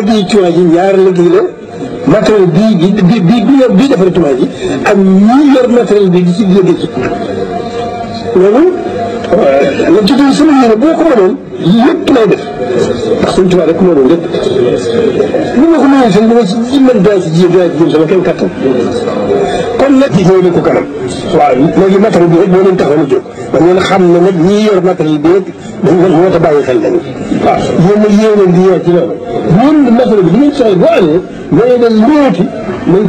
liggéey Touba ji ñaari liggéey la matériel bii bi bi bi bii defaree Touba ji ak ñi yor matériel bi di ci liggéey ci loolu la jotee sama yéene boo ko mënoon lépp lay def ndax suñ Touba rek moo doon lépp li ma ko mënoon seen li ma ci mën daa ci ji daa ci jëm sama kenn kattan kon nag ci ñëw ko kanam waaw léegi matériel bi rek moo leen taxoon a jóg ba ngeen xam ne nag ñii yor matériel bi rek dañ ko moo ta bàyyi xel lañu waaw yéen nag yéen leen di yor ci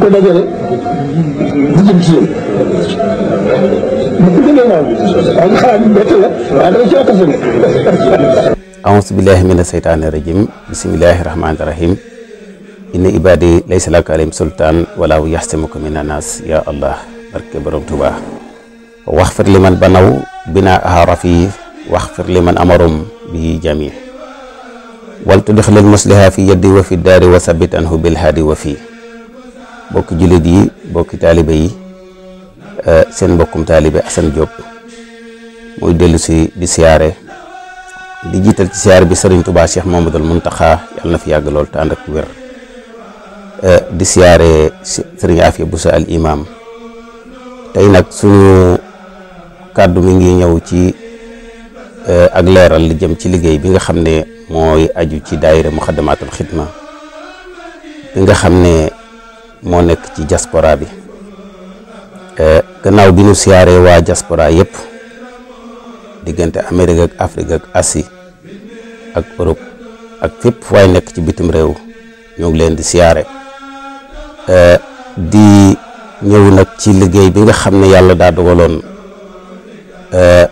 ko dajale di jëm ci yéen bu ko gënee waaw waaw nga xalaat bett la waaw dama ci okkase ne auzu seytaani rajim bismillahi rahmaani rahim inna ibaadi laysa laka alayhim sultaan walaaw yaxsimuka min annaas ya allah barke tuba wax fir man banaw bina aarafi wax fir li man amarum bihi jami wal tudxilil musliha fi yaddi wa fi daari wa sabit anhu bilhaadi wa fii bokki jullit yi bokki taalibe yi eh, seen mbokkum taalibe Assane Diop muy dellu si di siyaare di jiital ci siyaare bi sëriñ tubaa cheikh mamadul muntaxa yàlla na fi yàgg lool te ànd Eh, di siyaare sëriñ Afia Bousso al imam tey nag suñu kàddu mi ngi ñëw ci eh, ak leeral li jëm ci liggéey bi nga xam ne mooy aju ci daayira muxaddamaatul xidma nga xam ne moo nekk ci diaspora bi eh, gannaaw bi ñu siyaaree waa diaspora yëpp diggante Amérique ak Afrique ak Asie ak Europe ak fépp waay nekk ci bitim réew ñu ngi leen di siyaare Eh, di ñëw nag ci liggéey bi nga xam ne yàlla daa dogaloon eh,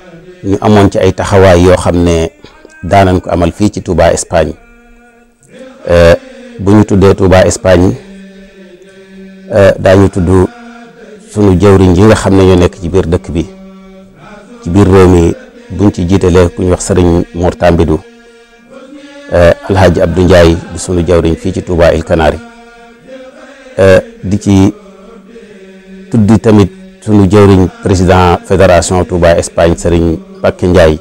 ñu amoon ci ay taxawaay yoo xam ne daanañ ko amal fii ci Touba Espagne eh, bu ñu tuddee Touba Espagne daañu tudd sunu jëwriñ yi nga xam ne ñoo nekk ci biir dëkk bi ci biir réew mi buñ ci jiitalee ku ñu wax sëriñ Mor Tambidou Alhaji Abdou Ndiaye di sunu jëwriñ fii ci Touba El Canari Euh, di ci tuddi tamit sunu jëwriñ président fédération Touba Espagne Serigne Mbacke njaay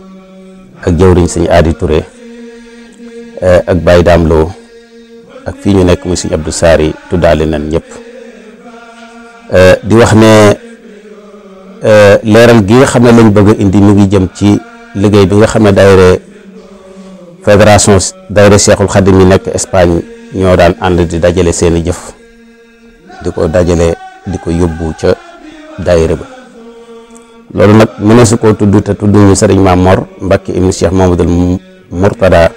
ak jëwriñ sëñ Adi Touré euh, ak bay Dame Lo ak fii ñu nekk mu muy sëñ Abdou Sari tuddaale nan ñëpp euh, di wax ne leeral gi nga xam ne lañ bëgg indi mu ngi jëm ci liggéey bi nga xam ne daayira fédération daayira Seexul Xadim yi nekk Espagne ñoo daan ànd di dajale seeni jëf di ko dajale di ko yóbbu ca dayre ba loolu nag mu ne su koo tudd te tudd ñu sëriñ Maam Mor Mbàkke ibnu Cheikh Mamadul Murtada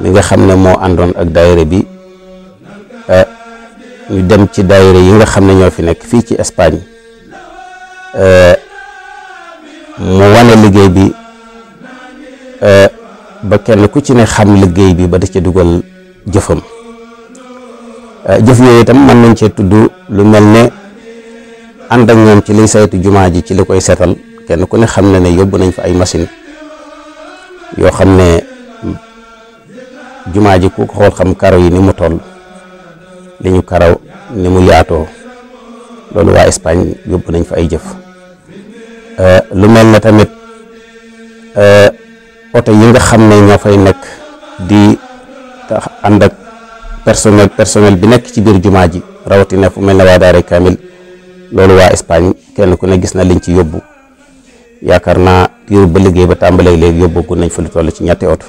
mi nga xam ne moo àndoon ak daayira bi eh, ñu dem ci daayira yi nga xam ne ñoo fi nekk fii ci Espagne eh, mu wane liggéey bi eh, ba kenn ku ci ne xam liggéey bi ba da ca dugal jëfam Euh, jëf yooyu itam mën nañ cee tudd lu mel ne ànd ak ñoom ci liy saytu jumaa ji ci li koy seetal kenn ku ne xam na ne yóbbu nañ fa ay machine yoo xam ne jumaa ji ku xam karo yi ni mu toll li ñu ni mu yaatoo loolu waa yóbbu nañ fa ay jëf euh, lu mel ne tamit euh, oto yi nga xam ne ñoo fay nekk di ànd ak personnel personnel bi nekk ci biir jumaa ji rawatina fu mel ne waa Daara Kamil loolu waa Espagne kenn ku ne gis na liñ ci yóbbu yaakaar naa yóbbu ba liggéey ba tàmbalee léegi yóbbu nañ fa lu toll ci ñetti oto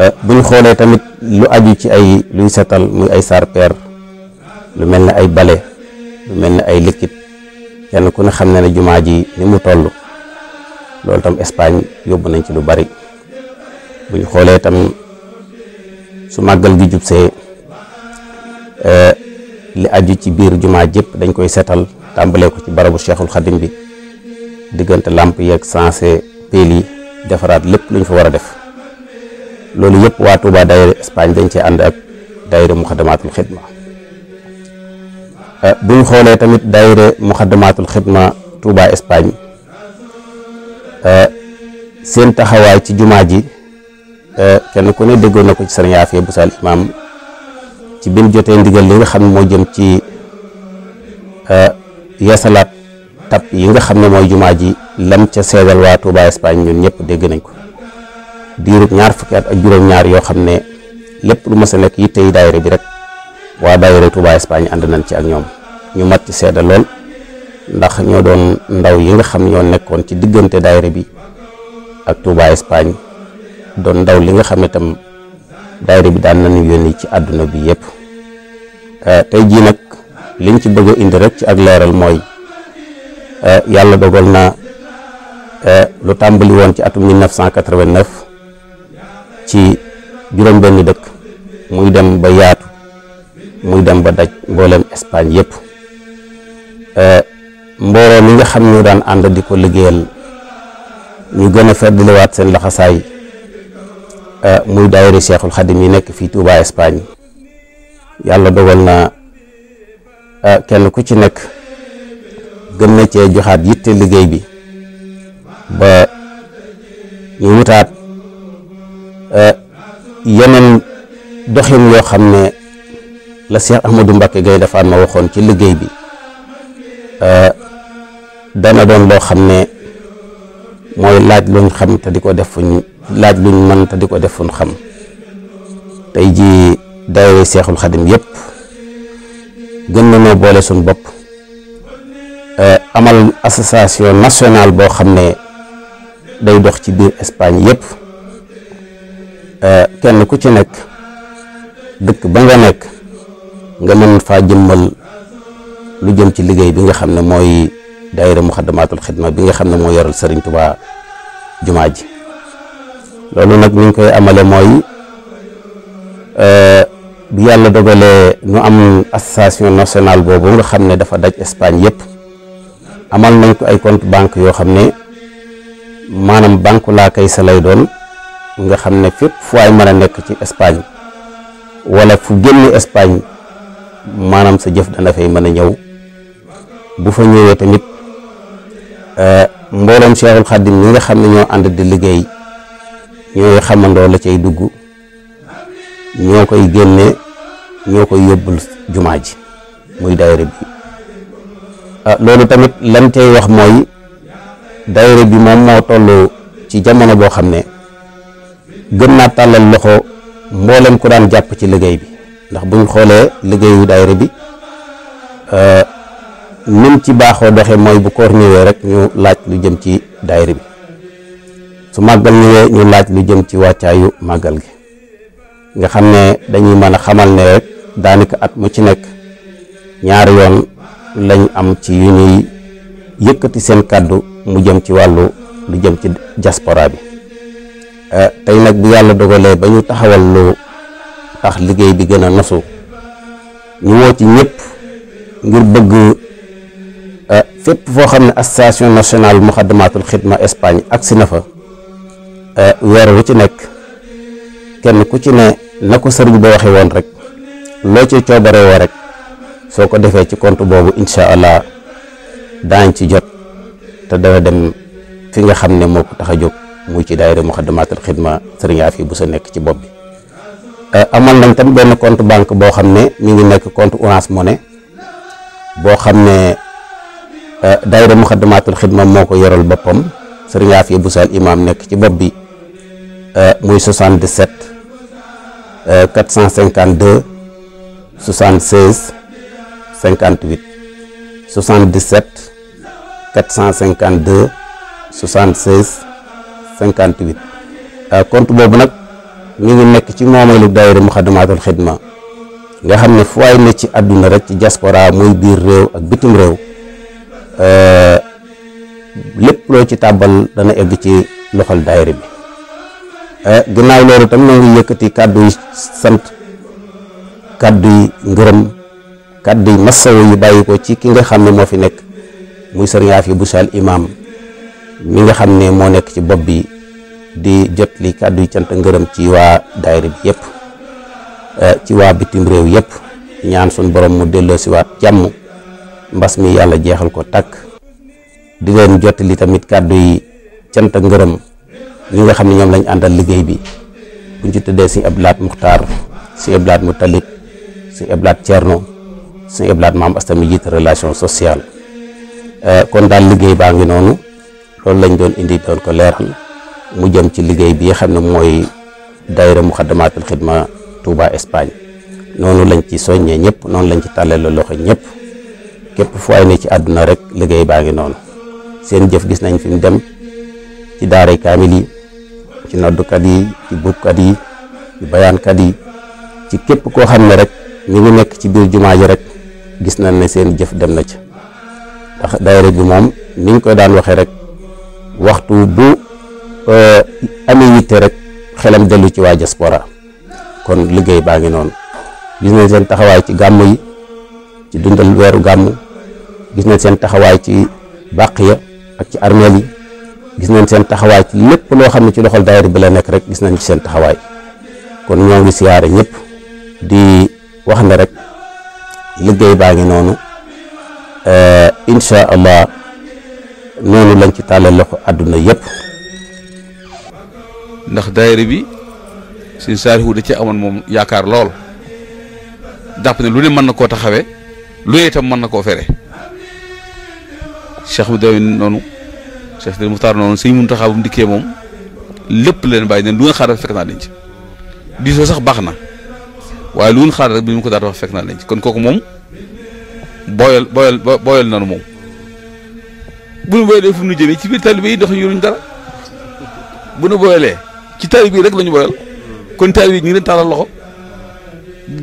eh, bu ñu xoolee tamit lu aju ci ay luy setal muy ay sarpeer lu mel ne ay bale lu mel ne ay liquide kenn ku ne xam na ne jumaa ji ni mu toll loolu tam Espagne yóbbu nañ ci lu bari bu ñu xoolee tam su màggal gi jubsee euh, li aju ci biir jumaa jëpp dañ koy setal tàmbalee ko ci barabu cheikhul xaddim bi diggante làmp yeeg sensé peel yi defaraat lépp luñ fa war a def loolu yëpp waa Touba daayira Espagne dañ cee ànd ak daayira muxadamaatul xidma euh, bu ñu xoolee tamit daayira muxadamaatul xidma Touba Espagne euh, seen taxawaay ci jumaa ji Eh, kenn ku ne déggoon na ko ci sëriñ Afia Busso al imaam ci bi mu jotee ndigal li nga xam ne moo jëm ci eh, yeesalaat tab yi nga xam ne mooy jumaa ji lam ca seedal waa Touba Espagne ñun ñëpp dégg nañ ko diirub ñaar fukki at ak juróom-ñaar yoo xam ne lépp lu ma sa nekk yitte tey daayira bi rek waa daayira Touba Espagne ànd nañ ci ak ñoom ñu mat ci seeda lool ndax ñoo doon ndaw yi nga xam ñoo nekkoon ci diggante daayira bi ak Touba Espagne doon ndaw li nga xam ne tam bi daan nañu yónni ci àdduna bi yëpp euh, tey jii nag liñ ci bëgg a indi rek ci ak leeral mooy euh, yàlla dogal na euh, lu tàmbali woon ci atum 1989 ci juróom-benn dëkk muy dem ba yaatu muy dem ba daj mbooleem Espagne yëpp mbooloo mi nga xam ñu daan ànd di ko liggéeyal ñu gën a feddliwaat seen laxasaay Ah, muy daayira Seexul Xadim nekk fii Touba Espagne yàlla dogal na ah, kenn ku ci nekk gën na cee joxaat yitte liggéey bi ba ñu wutaat ah, yeneen doxin yoo xam ne la Seex Ahmadou Mbacké gay dafa ma waxoon ci liggéey bi dana doon loo xam ne mooy laaj luñ xam te di ko def fuñ laaj luñ mën te di ko def xam tey jii daayira seexul xadim yëpp gën na noo boole suñ bopp eh, amal association nationale boo xam ne day dox ci biir Espagne yëpp eh, kenn ku ci nekk dëkk ba nga nekk nga mën faa jëmmal lu jëm ci liggéey bi nga xam ne mooy daayira muxaddamaatul xidma bi nga xam ne moo yoral Sëriñ Tuubaa jumaa ji loolu nag ni ñu koy amale mooy euh, bi yàlla dogalee nu am association nationale boobu nga xam ne dafa daj Espagne yëpp amal nañ ko ay compte banque yoo xam ne maanaam banque laa kay sa lay doon nga xam ne fépp fu ay mën a nekk ci Espagne wala fu génn Espagne maanaam sa jëf dana fay mën a ñëw bu fa ñëwee tamit euh, mbooloom Cheikhul Khadim ñi nga xam ne ñoo ànd di liggéey ñooy xamandoo la cay dugg ñoo koy génnee ñoo koy yóbbul jumaa ji muy daayira bi ah, loolu tamit lan tey wax mooy daayira bi moom moo toll ci jamono boo xam ne gën naa tàllal loxo mboolem ku daan jàpp ci liggéey bi ndax buñ xoolee liggéeyu daayira bi ah, nim ci baaxoo doxe mooy bu koor rek ñu laaj lu jëm ci daayira bi su màggal ñëwee ñu laaj lu jëm ci wàccaayu màggal gi nga xam ne dañuy mën a xamal ne rek daanaka at mu ci nekk ñaari yoon lañ am ci yu ñuy yëkkati seen kàddu mu jëm ci wàllu lu jëm ci diaspora bi euh, tey nag bu yàlla dogalee ba ñu taxawal lu tax liggéey bi gën a nosu ñu woo ci ñëpp ngir bëgg euh, fépp foo xam ne association nationale muxaddamatul xidma Espagne agsi na fa Eh, weer wu ci nekk kenn ku ci ne na ko sëriñ ba waxe woon rek loo ci coobaree woo rek soo ko defee ci compte boobu incha allah daañ ci jot te dana dem fi nga xam ne moo tax a jóg muy ci daayira Muxaddamaatul Xidma sëriñ Afi bu sa nekk ci bopp bi eh, amal nañ tam benn compte banque boo xam ne mi ngi nekk compte Orange Money boo xam ne eh, daayira Muxaddamaatul Xidma moo ko yoral boppam sëriñ yi bu sa al imaam nekk ci bopp bi Euh, muy 77 452 76 58 77 452 76 58 compte boobu nag mi ngi nekk ci moomeelu daayira Muxaddamaatul Xidma nga xam ne fu waay ne ci àdduna rek ci diaspora muy biir réew ak bitim réew euh, lépp loo ci tàbbal dana egg ci loxol daayira bi Eh, ginnaaw loolu tam ñoo ngi yëkkati kàddu sant kàddu yi ngërëm kàddu yi masawo yi bàyyi ko ci ki nga xam ne moo fi nekk muy sëriñ bu Bousso al imam mi nga xam ne moo nekk ci bopp bi di jot li kàddu yi cant ngërëm ci waa daayira bi yëpp eh, ci waa bitim réew yëpp ñaan suñ borom mu delloo si waat jàmm mbas mi yàlla jeexal ko tàkk di leen jot li tamit kàddu yi cant ngërëm ñu nga xam ne ñoom lañ àndal liggéey bi buñ ci tëddee sëñ Abdou Lahad Muxtaar sëñ Abdou Lahad Mutalib sëñ Abdou Lahad Cerno sëñ Abdou Lahad Maam Asta mi jiite relation sociale euh, kon daal liggéey baa ngi noonu loolu lañ doon indi doon ko leeral mu jëm ci liggéey bi xam ne mooy daayira Muxaddamaatul Xidma Touba Espagne noonu lañ ci soññee ñëpp noonu lañ ci tàllee la loxo ñëpp képp fu ay ne ci àdduna rek liggéey baa ngi noonu seen jëf gis nañ fi mu dem ci daaray kaamil yi ci noddukat yi ci buubkat yi ci bayaankat yi ci képp koo xam ne rek ñu ngi nekk ci biir jumaa ji rek gis nañ ne seen jëf dem na ci ndax daayira bi moom ni ñu koy daan waxee rek waxtu bu eh, amee yitte rek xelam dellu ci waa diaspora kon liggéey baa ngi noonu gis nañ seen taxawaay ci gàmm yi ci dundal weeru gàmm gis nañ seen taxawaay ci bàq ya ak ci armeel yi gis nañ seen taxawaay ci lépp loo xam ne ci loxol daayira bi la nekk rek gis nañ ci seen taxawaay kon ñoo ngi siyaare ñëpp di wax ne rek liggéey baa ngi noonu euh, incha allah noonu lañ ci tàllal loxo àdduna yëpp. ndax daayira bi suñ saalihu da ci amoon moom yaakaar lool jàpp ne lu ne mën na koo taxawee lu ne itam mën na koo fere Cheikh bi noonu. Cheikh Sidi Muxtaar noonu sëñ Muntaxa bu mu dikkee moom lépp leen bàyyi ne lu ngeen xaar rek fekk naa leen ci diisoo sax baax na waaye lu ngeen xaar rek bi ñu ko daata wax fekk naa leen ci kon kooku moom booyal booyal booyal nanu moom bu nu booyalee fu i nu jëmee ci biir taalibe yi dox yoruñ dara bu nu booyalee ci taalibe yi rek la ñu kon taalibe yi ñu ngi leen taalal loxo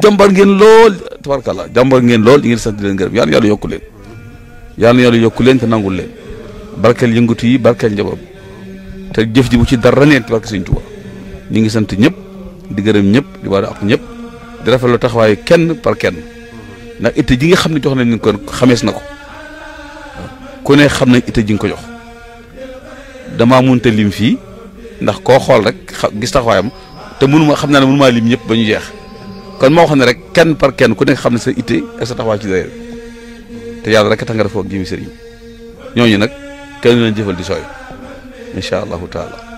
jàmbar ngeen lool tabarkalla jàmbar ngeen lool ñu ngi sant di leen gërëm yàlla yàlla yokku leen yàlla yàlla yokku leen te nangul barkeel yëngatu yi barkeel njaboot te jëf ji bu ci dara neen barke Sëñ Tuubaa ñu ngi sant ñëpp di gërëm ñëpp di war a ak ñëpp di rafetlu taxawaayu kenn par kenn ndax itte ji nga xam ne jox nañ ko xamees na ko ku ne xam nañ itte ji nga ko jox dama damaa mënta lim fii ndax koo xool rek gis taxawaayam te mënuma xam naa ne mënumaa lim ñëpp ba ñu jeex kon moo xam ne rek kenn par kenn ku nekk xam ne sa itte ak sa taxawaay ci dayoo te yàlla rek tax nga def ak jëmi sëriñ ñooñu nag kenn leen jëfal di sooy incha allahu taala